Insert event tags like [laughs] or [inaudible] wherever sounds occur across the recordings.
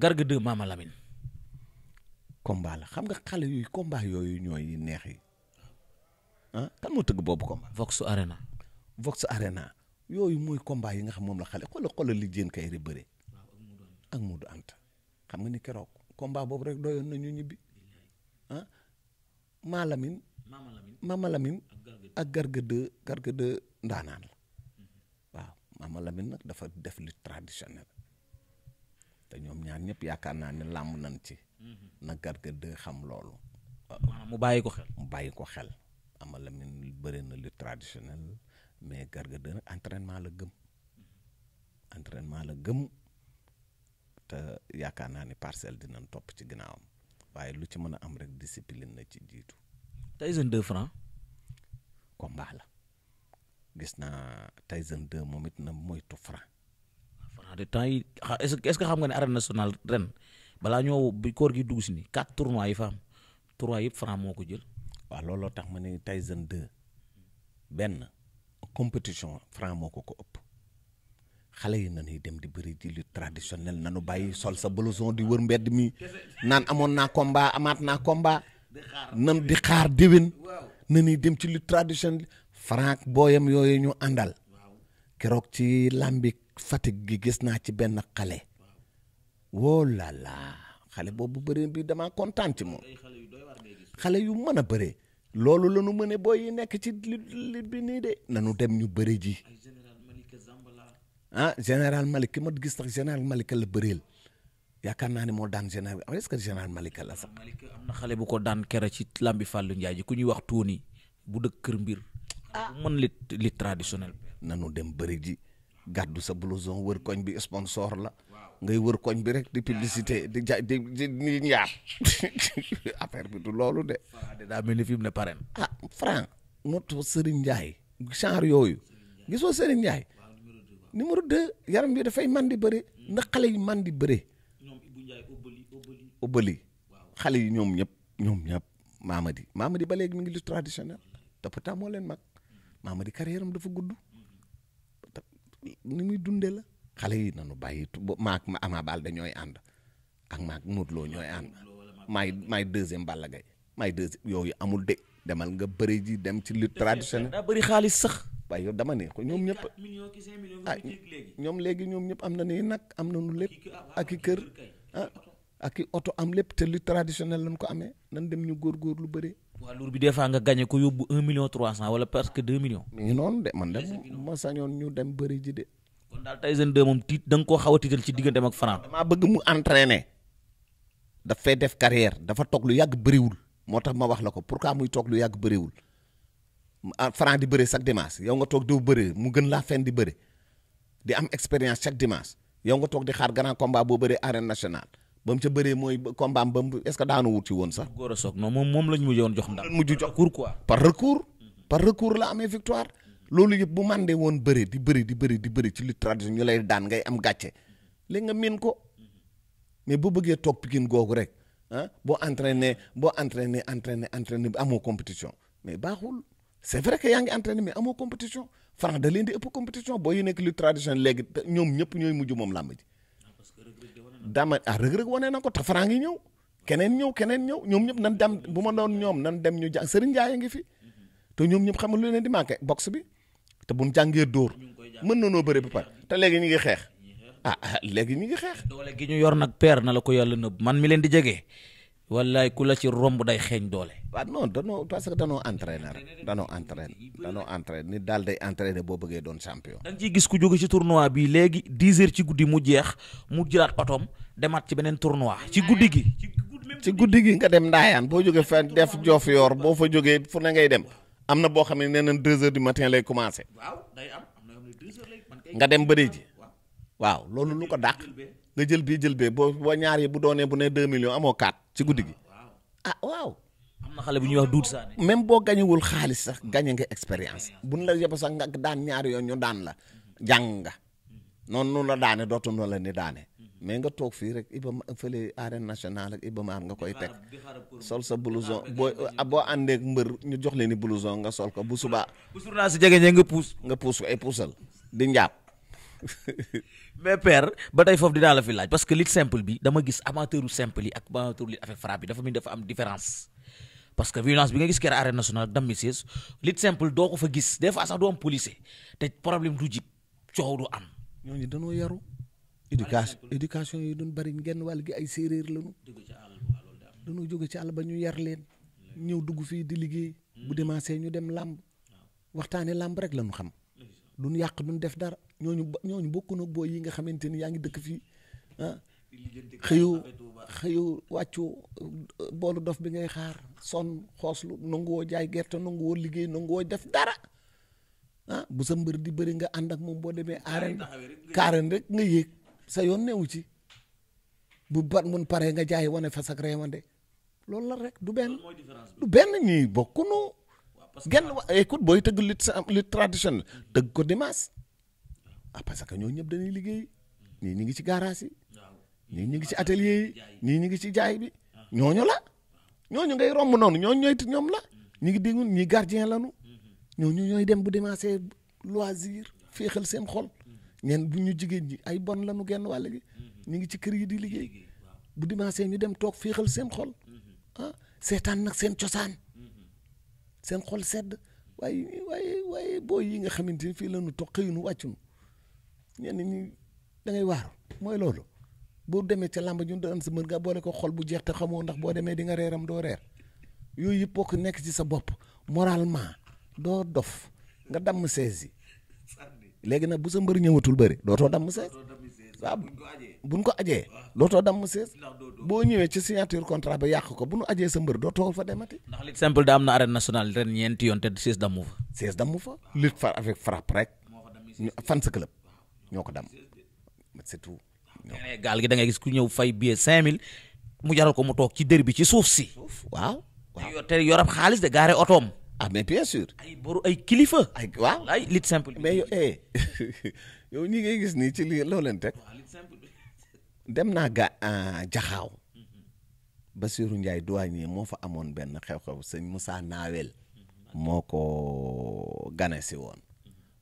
Garga 2 Mama la xam nga xale yooyu combat yooyu ñooy neex yi ah moo tëgg boobu combat. Vox Arena. Vox Arena yooyu mooy combat yi nga xam moom la xale xoolal xoolal li jéen kay rek bëre ak Modou Anta xam nga ni keroog combat boobu rek doyoon na ñu ñibbi ah Ma Lamine. ak Garga 2 ndaanaan la mm-hmm. waaw Mama nag dafa def li traditionnel. te ñoom ñaar ñëpp yaakaar naa ne làmb nañ ci. Mm-hmm. na Garga 2 xam loolu. mu bàyyi ko xel mu bàyyi ko xel. Ama Lamine bëri na lu traditionnel mais Garga 2 nag entraînement la gëm. Mm-hmm. entrainement la gëm te yaakaar naa ni parcelle dinañ topp ci ginnaawam waaye lu ci mën a am rek discipline na ci jiitu. Tyson de Franc. combat la gis naa Tyson 2 moom it na moytu Franc. Ah, de temps yi ah, est-ce que xam nga ne arène nationale ren balaa ñoo bi koor gi dugg si ni quatre tournois yi fa am trois yëpp franc moo ko jël. waaw looloo tax ma ne Tyson 2 benn compétition franc moo ko ko ëpp xale yi nañuy dem di bëri di lu traditionnel nanu bàyyi sol sa blouson di wër mbedd mi naan amoon naa komba amaat naa combat nan di xaar déwén nañuy dem ci lu traditionnel franc booyam yooyu ñu àndal keroog ci làmbi Fatick gi gis naa ci benn xale woo la la xale boobu bëri bi damaa kontaan ci moom xale yu mën a bëree loolu la ñu mëne booy yi nekk ci li li bi nii de nanu dem ñu bëri ji ah général Malick ma gis sax général Malick la bëreel yaakaar naa ne moo daan général ah, est-ce que général la sax. am na xale bu ko daan kera ci làmbi Fallou Ndiaye ji ku ñuy wax Tony bu dëkk Kër Mbir. ah mën lit lit traditionnel. nanu dem bëri gàddu sa blouson wër koñ bi sponsor la ngay wër koñ bi rek di publicité di ja di di [laughs] bi du loolu de. daa mel ni fi mu ne pare ah Franc noto yooyu gisoo Serigne Ndiaye numéro 2 yaram bi dafay man di bëre ndax xale yi man di bëre. ubbali xale yi ñoom ñëpp ñoom ñëpp Mamadi Mamadi ba léegi mi ngi lu traditionnel te pourtant leen mag Mamadi carrière am dafa gudd. ni muy dundee la xale yi nanu bàyyi maak ma amaa Baldé ñooy ànd ak maak Modou Lo ñooy ànd maay maay deuxième Balla Gaye maay deuxième yooyu amul de demal nga bëri ji dem ci lutte traditionnelle daa bëri xaalis sax waaye dama ne ko ñoom ñëpp ah, léegi ñoom ñëpp am na ni nag am nañu lépp ah, ak i kër ah oto am lépp te lutte traditionnelle lañ ko amee nan dem ñu góor góor lu bëri poids lourd bi des fois nga gagné ko yóbbu un million trois cent wala presque deux millions. mi ngi noonu de man de ma sañoon ñu dem bëri ji de. kon daal Tyson 2 moom tiit da nga koo xaw a tiital ci digganteem ak Franc. mu entraîner. daf fay def carrière dafa toog lu yàgg bëriwul. moo tax ma wax la ko pour pourquoi muy toog lu yàgg bëriwul. Ah, Franc di bëre chaque dimanche yow nga toog doo bëre mu gën laa fen di bëre. di am expérience sac dimanche yow nga toog di xaar grand combat boo bëree arène nationale. ba mu ca bëree mooy combat ba mu est-ce que daanu wut ci woon sax. góor a soog non moom moom lañ mujjoon jox ndam. mujj jox recours ko mais bu bëggee toog Pikine googu rek ah boo entraîné boo entraîné entraîné entraîné bi amoo compétition mais baaxul c'est vrai que yaa ngi entraîné mais amoo compétition Franc da leen di ëpp compétition boo yi nekk lutte traditionnelle léegi ñoom ñëpp ñooy mujj moom làmb ji. Ah, dama ah rëg-rëg wane na ko te Franc ngi ñëw keneen ñëw keneen ñëw ñoom ñëpp nan dem bu ma doon ñoom nan dem ñu jàng Serigne Ndiaye ngi fi te ñoom ñëpp xamul lu leen di manqué box bi te buñ jàngee dóor mën na noo bëre bi pare te léegi ñu ngi xeex a ah, ah, léegi ñu ngi xeex. doole gi ñu yor nag peer na la ko yàlla nëbb man mi leen di jege wallaay ku la ci romb day xeeñ doole. waaw no danoo parce que danoo entraîné rek danoo entraîné danoo entraîné nit daal day entraîné boo bëggee doon champion. da nga gis ku jóge ci tournoi bi léegi dix heures ci guddi mu jeex mu jëlaat otoom demaat ci beneen tournois ci guddi gi. ci guddi gi nga dem ndaayaan boo jógee fa def joof yoor boo fa jógee fu ne ngay dem am na boo xam ne nee nañ deux heures du matin lay commencé. waaw day am nga dem bëri ji. waaw loolu lu ko dàq. nga jël bii jël bee boo boo ñaar bu doonee bu ne 2 millions amoo 4 ci guddi gi. ah waaw. am xale bu ñuy wax duut saane. même boo gañewul xaalis sax gañe nga expérience. bu la yóbbu sax nga daan ñaari yoon ñu daan la. jàng nga. noonu noonu la daane dootu noonu la ni daane. mais nga toog fii rek Iba Mar fële arène nationale ak Iba Mar nga koy teg sol sa blouson boo ah, boo àndee mbër ñu jox leen ni nga sol ko bu subaa. bu journal si jege nga puus. nga puus ko ay puusal di njaab. mais père ba tey foofu dinaa la fi laaj parce que lutte simple bi dama gis amateuru simple yi ak amateuru lutte avec frappe bi dafa mel dafa am différence. parce que violence bi nga gis kër arène nationale dam mi siis lutte simple doo ko fa gis des fois sax doo am policier te problème du jib coow du am. ñooñu dañoo yaru. éducation éducation yi duñ bari ngeen wàll gi ay séeréer lañu. dañoo jóge ci àll ba ñu yar leen. ñëw dugg fii di liggéey. bu demancé ñu dem làmb waxtaane làmb rek lañu xam. ñooñu ba ñooñu bokk na booy yi nga xamante ni yaa ngi dëkk fii ah. xëyu xëyu wàccu euh, boolu dof bi ngay xaar son xooslu nanguwoo jaay gerte nanguwoo liggéey nanguwoo def dara ah bu sa mbër di bëri nga ànd ak moom boo demee aaren kaaren rek nga yéeg sa yoon newu ci bu bat mun paree nga jaay wane fas ak reewande loolu la rek du benn du benn ñii bokkunu genn wa écoute booy tëgg lit lit traditionnel tëgg ko dimanche ah que ñoo ñëpp dañuy liggéey ñii ñu ngi ci garage ñii ñu ngi ci atelier yi ñii ñu ngi ci jaay bi ah. ñooñu la ñooñu ngay romb noonu ñooñu ñooy ñoom la mm-hmm. ñu ngi déglu ñii ñu lañu mm-hmm. ñooñu ñooy dem bu demassé loisir féexal seen xol mm-hmm. ñeen bu ñu jigéen ñi ay bon lañu genn wàll gi ñu ngi ci kër yi di liggéey bu demassé dem toog féexal seen xol ah nag seen cosaan seen xol sedd waaye waaye waaye booy yi nga xamante ni fii la ñu toog nu wàccunu ñenn ñi da ngay waaru mooy loolu boo demee ca làmb ju doon sa mën nga boole ko xol bu jeex te xamoo ndax boo demee di nga reeram doo reer yooyu yëpp bokk nekk ci sa bopp moralement doo dof nga damm sees yi léegi nag bu sa mbër ñëwatul bëri dootoo damm sees waaw buñ ko ajee dootoo damm sees boo ñëwee ci signature contrat ba yàq ko bu nu ajee sa mbër dootoo fa demati. ndax lit simple da am na arène nationale ren ñeenti yoon te sees dammu fa. sees dammu fa. lutte far avec frappe rek. fan sa club. ñoo ko dam c'est tout. gaal gi dangay gis ku ñëw fay billet 5000 mu jaral ko mu toog ci dër bi ci suuf si. waaw waaw te yorab xaalis de gaare otoom. ah mais bien sûr. ay ay kilifa. ay waaw ay lit simple. mais yow ñi eh, [laughs] ngay gis nii ci lii teg dem naa ga euh, jaxaaw Basiirou Ndiaye douanier moo fa amoon benn xew-xew sëñ Moussa Nawel moo ko ganesi woon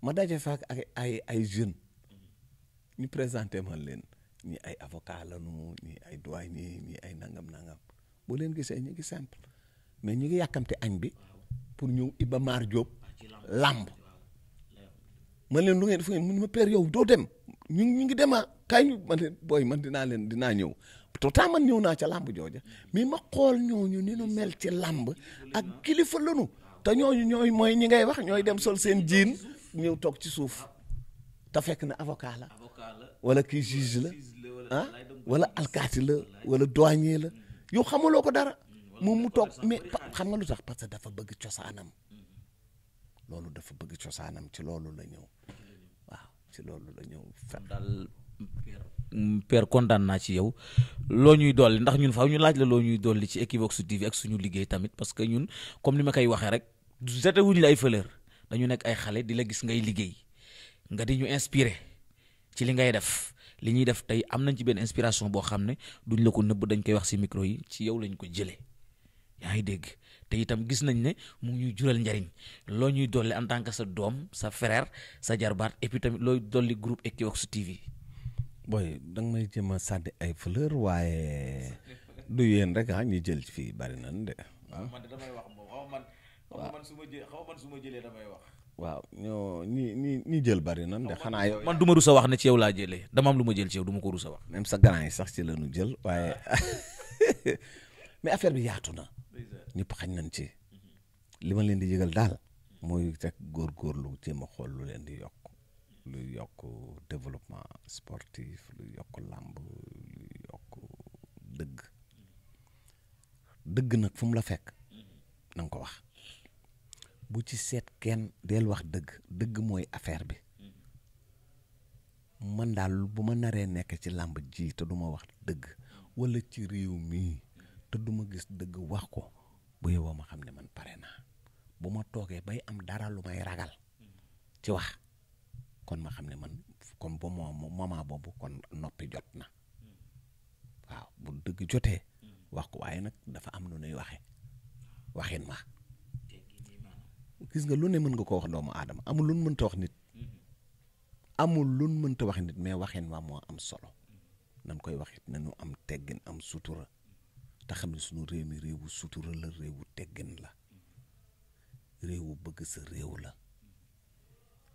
ma daje fa ay ay jeunes. ñu présenté man leen ñi ay avocat lañu ñi ay douanier ñi ay nangam nangam boo leen gisee ñu ngi simple mais ñu ngi yàkkamte añ bi pour ñëw i Mar Diop làmb man leen lu ngeen fu ngeen mun ma père yow doo dem ñu ñu ngi dema ah. kay ñu booy leen di naa dinaa leen dinaa ñëw pourtant man ñëw naa ca làmb jooja mais ma xool ñooñu ni nu mel ci làmb ak kilifa lanu te ñooñu ñooy mooy ñi ngay wax ñooy dem sol seen jiin ñëw toog ci suuf te fekk na avocat la wala kii juge la ah wala alkaati la wala douanier la yow loo ko dara hmm, moom mu toog mais xam nga lu tax parce que dafa bëgg cosaanam hmm. loolu dafa bëgg cosaanam ci loolu la ñëw waaw ci loolu la ñëw daal père kontaan naa ci yow loo ñuy dolli ndax ñun faw ñu laaj la loo ñuy dool li ci Equivox TV ak suñu liggéey tamit parce que ñun comme ni ma koy waxee rek jotewuñu la ay fleur dañu nekk ay xale di la gis ngay liggéey nga di ñu inspiré ci li ngay def li ñuy def tey am nañ ci benn inspiration boo xam ne duñ la ko nëbb dañ koy wax si micro yi ci yow lañ ko jëlee yaa ngi dégg te itam gis nañ ne mu ñuy jural njariñ loo ñuy dolli en tant que sa doom sa frère sa jarbaat et tamit looy dolli groupe Equivox TV. booy danga may jéem a sànni ay fleur waaye du yéen rek ah ñu jël fii bari nañ de. Ah. man waaw ñoo ñi ñi ñi jël bari na de xanaa yow. man du ma rusa wax ne ci laa jëlee dama lu ma jël ci yow du ma ko rusa wax. même sa grand yi sax ci la ñu jël waaye [laughs] mais affaire bi yaatu na. ñëpp xañ nañ ci. li ma leen di yëgal daal. mooy rek góorgóorlu jéem a xool lu leen di yokk lu yokk développement sportif lu yokk làmb lu yokk dëgg dëgg nag fu la fekk na ko wax. bu ci seet kenn del wax dëgg dëgg mooy affaire bi man daal bu ma naree nekk ci làmb ji te duma wax dëgg walla ci réew mii te duma gis dëgg wax ko bu yow ma xam ne man pare naa bu ma toogee bay am dara lu may ragal ci wax kon ma xam ne man kon ba moo moment boobu kon noppi jot na waaw bu dëgg jotee mm. wax ko waaye nag dafa am nu nuy waxe waxin ma gis nga lu ne mën nga koo wax doomu aadama amul lu mënta wax nit amul lu mënta wax nit mais waxin waa moo am solo nan koy waxit nañu am teggin am sutura taxam xam ne suñu réew mi réewu sutura la réewu teggin la réewu bëgg sa réew la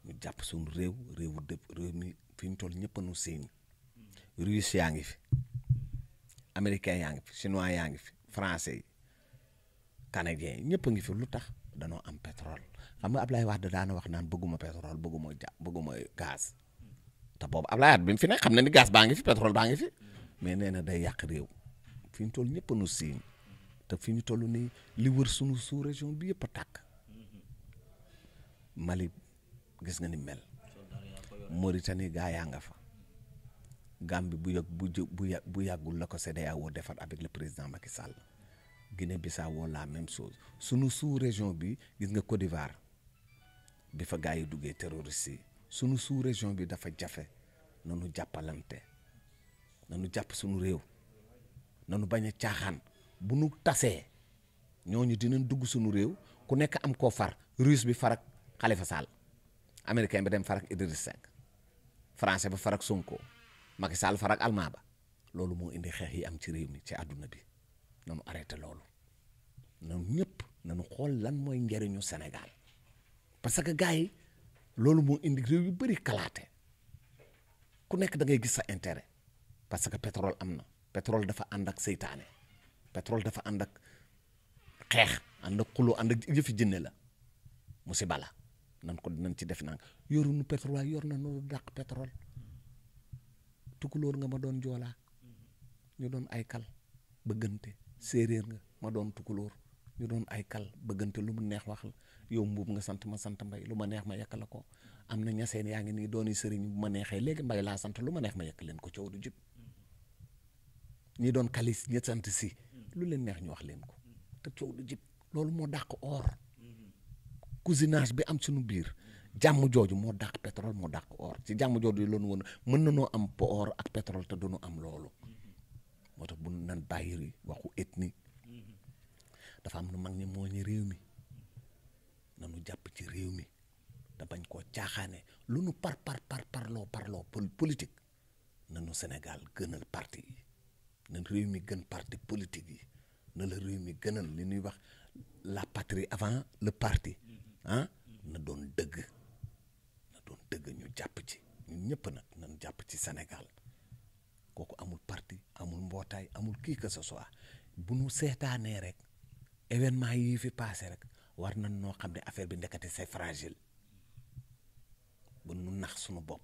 ñu jàpp suñu réew réewu dëpp réew mi fi ñu toll ñëpp nu seen russe yaa ngi fi américain yaa ngi fi chinois yaa ngi fi français yi canadien yi ñëpp a ngi fi lu tax danoo am pétrole xam nga Ablaye Wade daana wax naan bëgguma pétrole bëgguma ja bëgguma gaz te boobu Ablaye Wade bi mu fi nekk xam na ni gaz baa ngi fi pétrole baa mais nee na day yàq réew fi ñu toll ñëpp nu siin te fi ñu toll nii li wër sunu sous région bi yëpp a tàkk Mali gis nga ni mel Mauritanie gaa yaa nga fa Gambie bu yàgg bu bu yàggul la ko CEDEAO defar avec le président Macky Sall Guinée Bissau la même chose sunu suu région bi gis nga Côte d'Ivoire bi fa gars yi duggee terroriste yi sunu sous région bi dafa jafe nanu jàppalante nanu jàpp sunu réew nanu bañ a caaxaan bu nu tasee ñooñu dinañ dugg sunu réew ku nekk am koo far russe bi farak Khalifa Sall américain bi dem farak Idriss Seck français ba farak Sonko Macky Sall farak allemand ba loolu moo indi xeex yi am ci réew mi ci àdduna bi nanu arrêté loolu nanu ñëpp nanu xool lan mooy njëriñu Sénégal parce que gars yi loolu moo indi réew yu bëri kalaate ku nekk da ngay gis sa intérêt parce que pétrole am na pétrole dafa ànd ak seytaane pétrole dafa ànd ak xeex ànd ak xuloo ànd ak yëfi jënne la musiba bala nan ko dinañ ci def nang yoruñu pétrole waaye yor na nu dàq pétrole tukulóor nga ma doon joolaa ñu doon ay kal bëggante séeréer nga ma doon tukulóor ñu doon ay kal bëggante lu mu neex wax la yow mbuub nga sant ma sant mbay lu ma neex ma yekk la ko am na ñaseen yaa ngi nii dooni sëriñ bu ma neexee léegi mbay laa sant lu ma neex ma yekk leen ko coow du jib doon kalis ñi sant si lu leen neex ñu wax leen ko te coow du loolu moo dàq or cousinage bi am suñu biir jàmm jooju moo dàq pétrole moo dàq or ci jàmm jooju loolu woon mën na noo am po or ak petrol te duñu am loolu moo tax bu nan bàyyi waxu ethnie dafa am nu mag ñi moo ñi réew mi na nu jàpp ci réew mi te bañ koo caaxaane lu nu par par par par parloo parloo politique nanu Sénégal gënal parti yi nan réew mi gën parti politique yi na la réew mi gënal li nuy wax la patrie avant le parti ah na doon dëgg na doon dëgg ñu jàpp ci ñun ñëpp nag nañ jàpp ci senegal kooku amul parti amul mbootaay amul kii que ce bu nu seetaanee rek événement yi fi passé rek war na noo xam ne affaire bi ndekete c'est fragile bu nu nax suñu bopp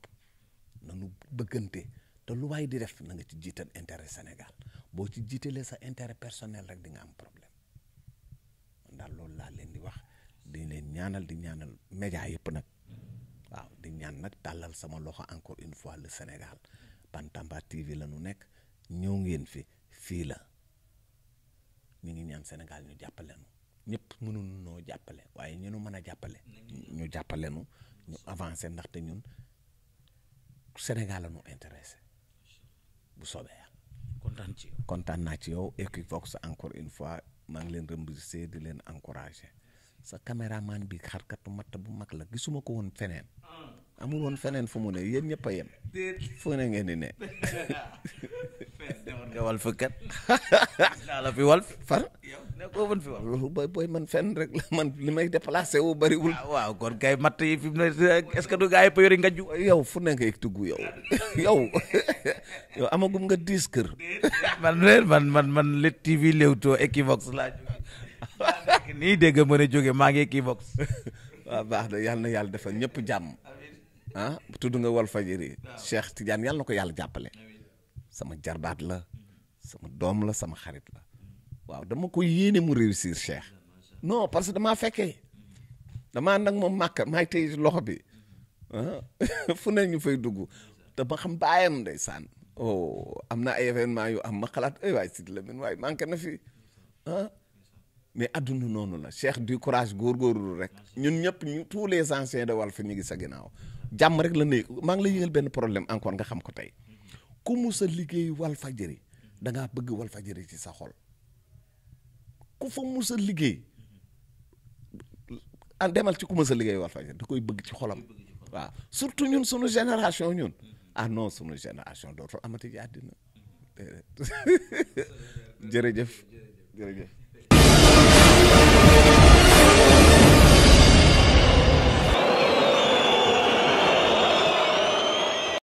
na nu bëggante te lu waay di def na nga ci jiital intérêt Sénégal boo ci jiitalee sa intérêt personnel rek di nga am problème man daal loolu laa leen di wax di leen ñaanal di ñaanal média yëpp nag waaw di ñaan nag tàllal sama loxo encore une fois le Sénégal Bantamba TV la ñu nekk ñëw ngeen fi fii la ñu ngi ñaan senegal ñu jàppale nu ñëpp mënuñu noo jàppale waaye ñu nu mën a jàppale. ñu jàppale nu ñu avancer ndaxte ñun Sénégal la ñu bu soobee yàlla. kontaan ci kontaan naa ci yow Equivox encore une fois maa ngi leen remercier di leen encourager sa caméraman bi xarkatu matt bu mag la gisuma ko woon feneen. Ah. amul woon feneen fu mu ne yéen ñëpp a yem. fu ne ngeen di ne. demoon [laughs] nga walf kat naa la [laughs] fi booy booy man fen rek man li may déplacé wu bariwul. Ah, waaw kon kay matt yi fi mu ne est-ce que du gars yi yori nga ju. yow fu ne ngay tugg yow [laughs] yow amagum nga diis kër. man man man man Leewtoo TV Leewtoo Equivox laa jóge nii dégg mën a jóge maa ngi Equivox. waaw baax na yàlla na yàlla defal ñëpp jàmm. ah tudd nga wal fajiri Cheikh Tidiane yàlla na ko yàlla jàppale sama jarbaat la sama doom la sama xarit la waaw dama ko yéene mu réussir Cheikh non parce que damaa fekkee damaa nag moom màkk maay tey loxo bi ah, [laughs] fu ne ñu fay dugg te ba xam baayam ndeysaan oh am na ay événement yu am ma xalaat ay waay Sidi Lamine waay manqué na fi ah, mais adduna noonu la Cheikh du courage góorgóorlu rek ñun ñëpp ñu tous les anciens de Walf ñu ngi sa ginaaw jàmm rek la néeg maa ngi la yëgal benn problème encore nga xam ko tey ku mu sa liggéey Walfadjri da ngaa bëgg Walfadjri ci sa xol ku fa mu sa liggéey ah, demal ci ku sa liggéey Walfadjri da koy bëgg ci xolam waaw surtout ñun sunu génération ñun ah non sunu génération dootul amati ji àddina [laughs] jërëjëf jërëjëf